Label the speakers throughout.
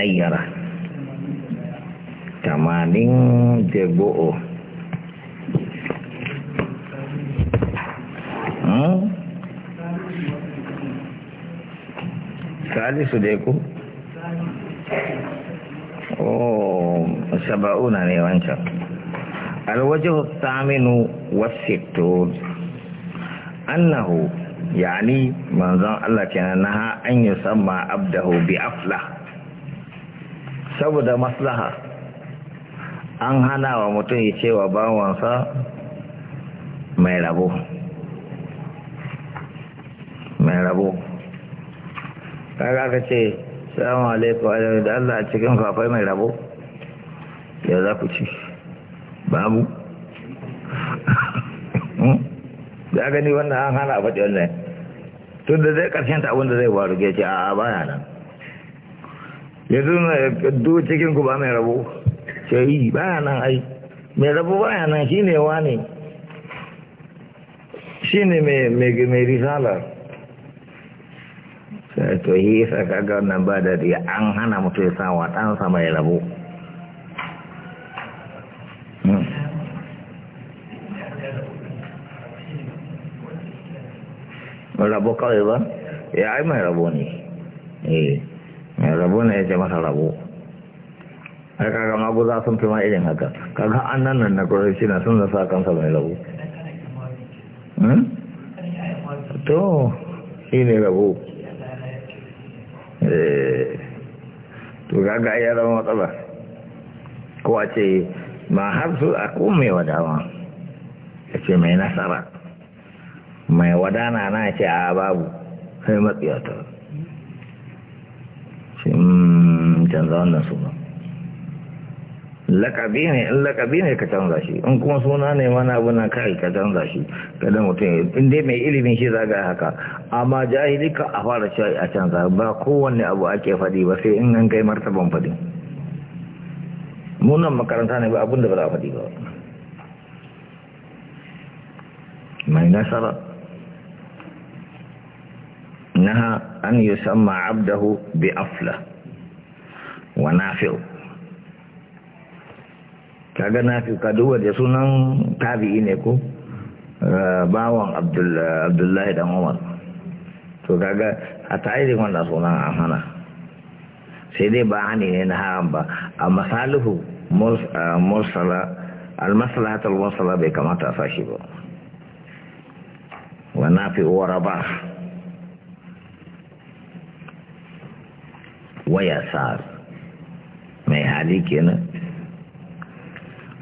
Speaker 1: munayyara tamanin da hmm? salisu sudah ku oh saba'una ne wancan الوجه الثامن والستون أنه يعني من ظن الله كان نهى أن يسمى عبده بأفلح saboda maslaha an hana wa mutum ya cewa bawansa mai rabo mai rabo kaga ka ce salamu alaikum da Allah a cikin kwafai mai rabo ya za ku ci babu hmm? ya gani wannan an hana a faɗi wannan tun da zai ƙarshen ta abinda zai faru ke ce a baya nan yanzu na kaddo cikin ku ba mai rabo yi baya nan ai mai rabo ya nan shine ne shine mai mai risala sai to yi sa kaga nan ba da riya an hana mutu ya sawa ɗansa mai rabo hmm. rabo kawai ba ya eh, ai mai rabo ne eh mai rabu ne ya ce masa a har kaga za sun fi ma irin haka kaga an nan nan na kuroshi na sun zasa kansa mai rabu hmm? to shi ne rabu? Eh. to kaga ya zama matsala ko a ce ma har su a kome wadawa ya ce mai nasara mai wadana na ce a babu sai matsiyatar shi canza wannan suna lakabi ne in lakabi ne ka canza shi in kuma suna ne wani abu na kai ka canza shi kada mutum in dai mai ilimin shi zaga haka amma jahili ka a fara shi a canza ba kowanne abu ake faɗi ba sai in an kai martaban faɗi munan makaranta ne ba abunda ba za a faɗi ba mai nasara نهى أن يسمى عبده بأفلة ونافع kaga nafi ka duba da sunan tabi'i ne ko bawan abdullahi dan umar to kaga a ta'irin wanda sunan an hana sai dai ba hani ne haram ba a masalihu mursala almasalahatar mursala bai kamata a sashi ba wa nafi wa rabah ويسار ما يحاليك هنا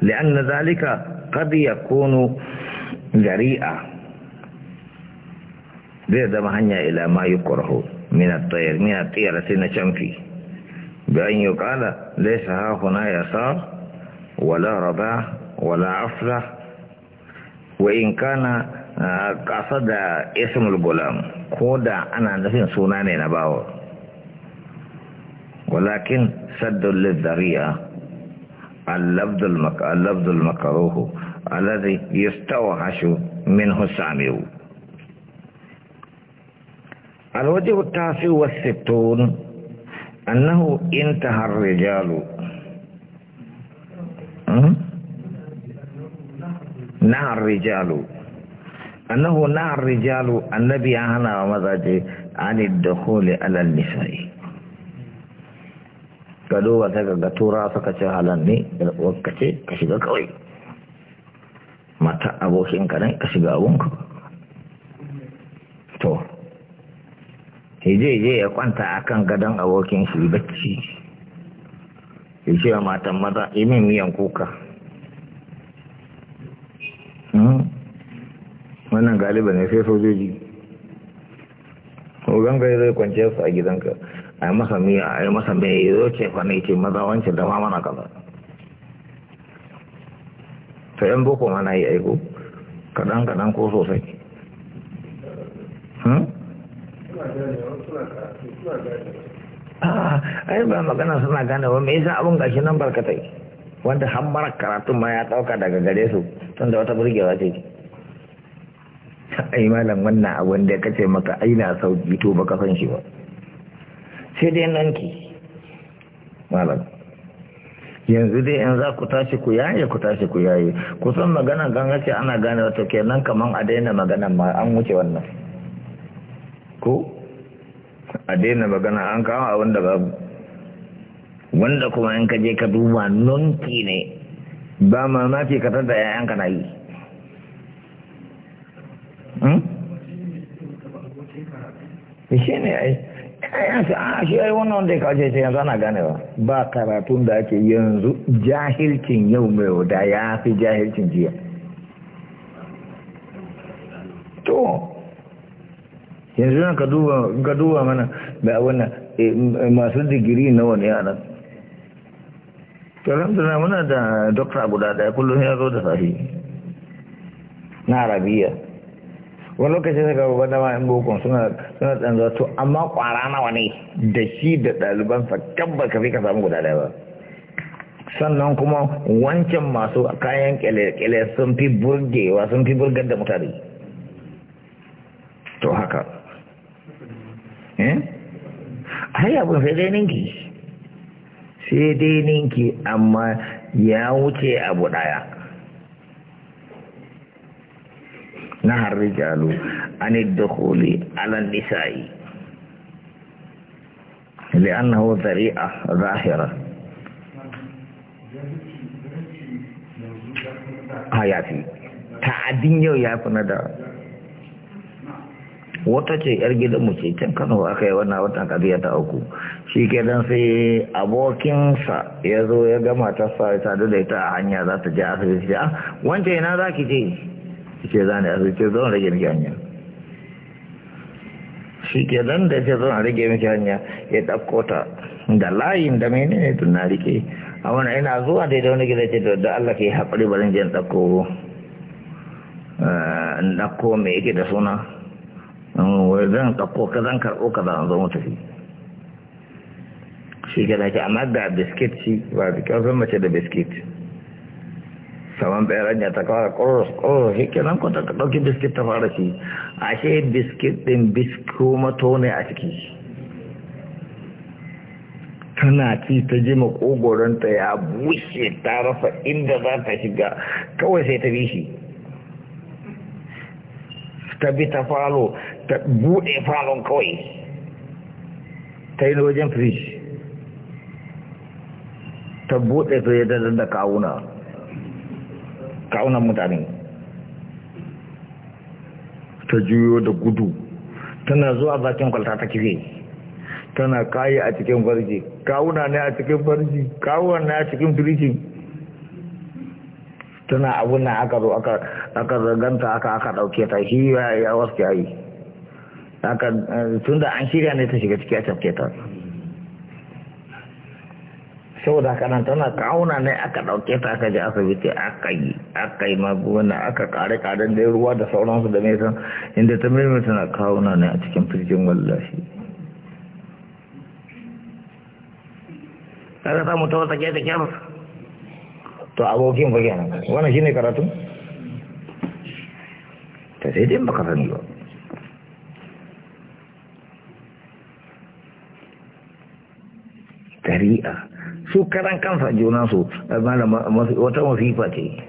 Speaker 1: لأن ذلك قد يكون جريئة بإذا ما هنيا إلى ما يكره من الطير من الطير الطيرة نشنفي بأن يقال ليس ها هنا يسار ولا رباع ولا أفلح وإن كان آه، قصد اسم الغلام كودا أنا نفسي سوناني نباور ولكن سد للذريعة اللفظ, المك... اللفظ المكروه الذي يستوحش منه السامع الوجه التاسع والستون أنه انتهى الرجال نهى الرجال أنه نهى الرجال النبي أهنا ومزاجه عن الدخول على النساء ka duba ta ga tura suka ce halan ne da ka ce ka shiga kawai mata abokin ka ne ka shiga abunka to je je ya kwanta akan gadon abokin shi bacci ya ce wa matan maza imin miyan kuka hmm? wannan galiba ne sai sojoji ko ganga zai kwanciyarsa a gidanka a yi masa miya a yi masa mai yi zoce ce fa maza wancan da ma mana kaza ta yan boko mana yi aiko kaɗan kaɗan ko sosai hmm? A ah, yi ba magana suna gane wa mai yasa abin gashi nan barkatai wanda har mara karatun ma ya ɗauka daga gare su tun da wata burgewa ce ai malam wannan abin da kace maka aina sauki to baka san shi ba sai dai nanki malam yanzu dai in za ku tashi ku yaye ku tashi ku yaye kusan magana ganga ce ana gane wata nan kaman a daina magana ma an wuce wannan ko a daina magana an kawo abin da babu wanda kuma in ka je ka duba nonki ne ba mamaki ka tada yayanka na yi hmm? shi ne ai ya a shi ai wannan wanda ya kawo ce yanzu ana gane ba karatun da ake yanzu jahilcin yau mai wuda ya fi jahilcin jiya to yanzu yana ka duba mana da wannan eh, masu digiri na wani yaran taron tuna muna da dokta guda daya kullum ya zo da sahi na arabiya wani lokacin gaba babban dama yan bokon suna suna tsanzuwa to amma kwara nawa ne da shi da ɗalibansa tabbas ka fi ka samu guda ɗaya ba sannan kuma wancan masu kayan kyale-kyale sun fi burgewa sun fi burgar da mutane to haka eh ai abin sai dai ninki sai dai ninki amma ya wuce abu ɗaya نهى الرجال عن الدخول على النساء لأنه ذريعة ظاهرة حياتي تعدين yau ya fi na da wata ce yar gidanmu ce can kano a kai wannan watan kadiya ta uku shi ke don sai abokinsa ya zo ya gama ta sa ya sadu da ita a hanya za ta je a wancan ina za ki je ke za ne asibiti zan rage miki hanya shi ke zan da ce zon rage miki hanya ya ɗauko ta da layin da mai ne tun na rike a wani ina zuwa daidai wani gida ce da Allah ke haƙuri barin jin ɗauko eh, ɗauko mai yake da suna zan ɗauko ka zan karɓo ka zan zo mu tafi shi ke da ke amma da biskit shi ba da kyau zan mace da biskit saman bayan ya ta kawara ƙoros ƙoros shi kenan ɗauki biskit ta fara shi ashe biskit ɗin biskomato ne a ciki tana ci ta ji makogoronta ya bushe ta rasa inda za ta shiga kawai sai ta bishi ta bi ta falo ta buɗe falon kawai eh. ta yi wajen firish ta buɗe ta yadda da kawuna kaunan mutane ta juyo da gudu tana zuwa bakin kwalta ta kife tana kayi a cikin farji kawuna ne a cikin farji kawuna ne a cikin firji tana abun nan aka zo aka zaganta aka aka dauke ta shi ya wasu yi tun eh, tunda an shirya ne ta shiga ciki a tafke ta saboda haka nan tana kauna ne aka ɗauke ta aka je asibiti aka yi aka yi magunguna aka kare kare da ruwa da sauransu da me san inda ta mai tana kauna ne a cikin firjin wallashi kaga ta mutuwa ta ke ta kyar to abokin fa kenan wannan shine karatu ta sai dai baka sani ba shari'a su karan kansa juna su wata masifa ce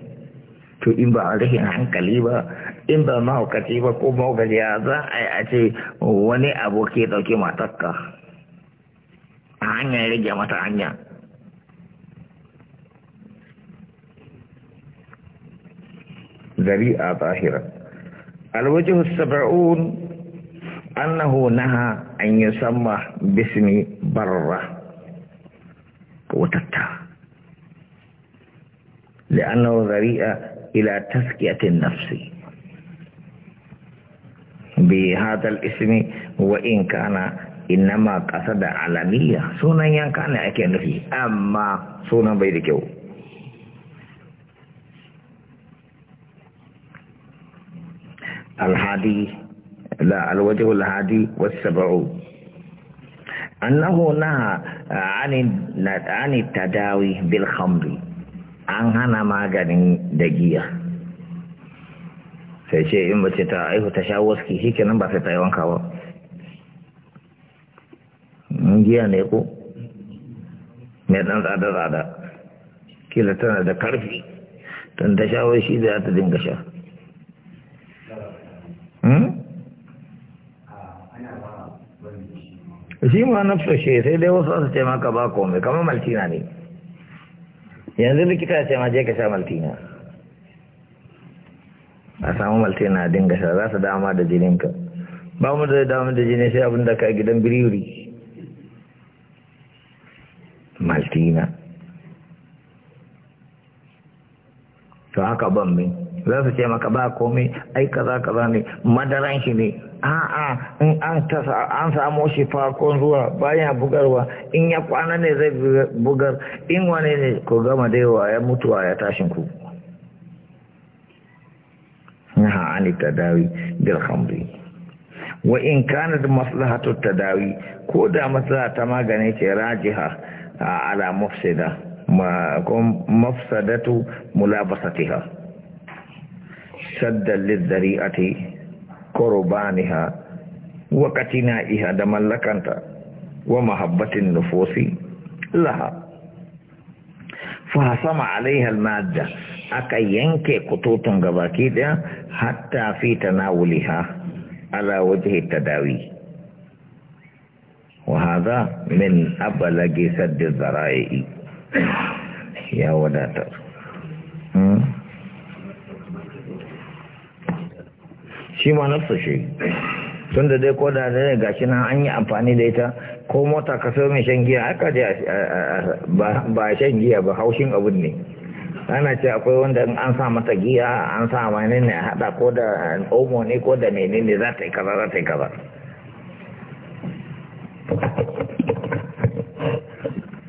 Speaker 1: to in ba a rashin hankali ba in ba mahaukaci ba ko mahaukaciya za a yi a ce wani aboki dauke matakka a hanyar rage mata hanya ذريعة ظاهرة الوجه السبعون naha an yi يسمى باسم barra. وتتا لأنه ذريئة إلى تزكية النفس بهذا الاسم وإن كان إنما قصد علانية سونا ين كان أكين فيه أما سونا بيدكو الهادي لا الوجه الهادي والسبعون annahu naha ani tadawi bil khamri an hana maganin da giya sai ce in bace ta aihu ta sha waski shikenan ba sai ta yi wanka ba giya ne ku? mai dan tsada tsada kila tana da karfi tun ta sha wai shi da ta dinga sha shi ma na fashe sai dai wasu wasu ce maka ba kome kamar maltina ne yanzu likita ya ce ma je ka sha maltina a samu maltina dinga sha za su dama da jininka ba mu da dama da jini sai abinda ka gidan biriri, maltina to haka ban min za su ce maka ba komai ai kaza kaza ne madaran shi ne a'a in an tasa an samu shi farkon zuwa bayan bugarwa in ya kwana ne zai bugar in wane ne ko gama da yawa ya mutuwa ya tashin ku naha ani tadawi bil khamri wa in kanat maslahatu tadawi ko da maslaha ta magane ce rajiha ala mufsida ma mafsadatu mulabasatiha saddan lidari'ati qurbaniha wa katina'iha da mallakanta wa mahabbatin nufusi laha fahasama alaiha almadda aka yanke kututun gabaki daya hatta fi tanawuliha ala wajhi ta dawi hadha min abalagi saddi dharai ya wadatar shi ma nafsa shi tun da dai koda ne gashi nan an yi amfani da ita ko mota ka so mai shan giya aka je ba shan giya ba haushin abun ne ana ce akwai wanda an sa mata giya an sa mani ne a hada ko da omo ne ko da menene za ta yi kaza za ta yi kaza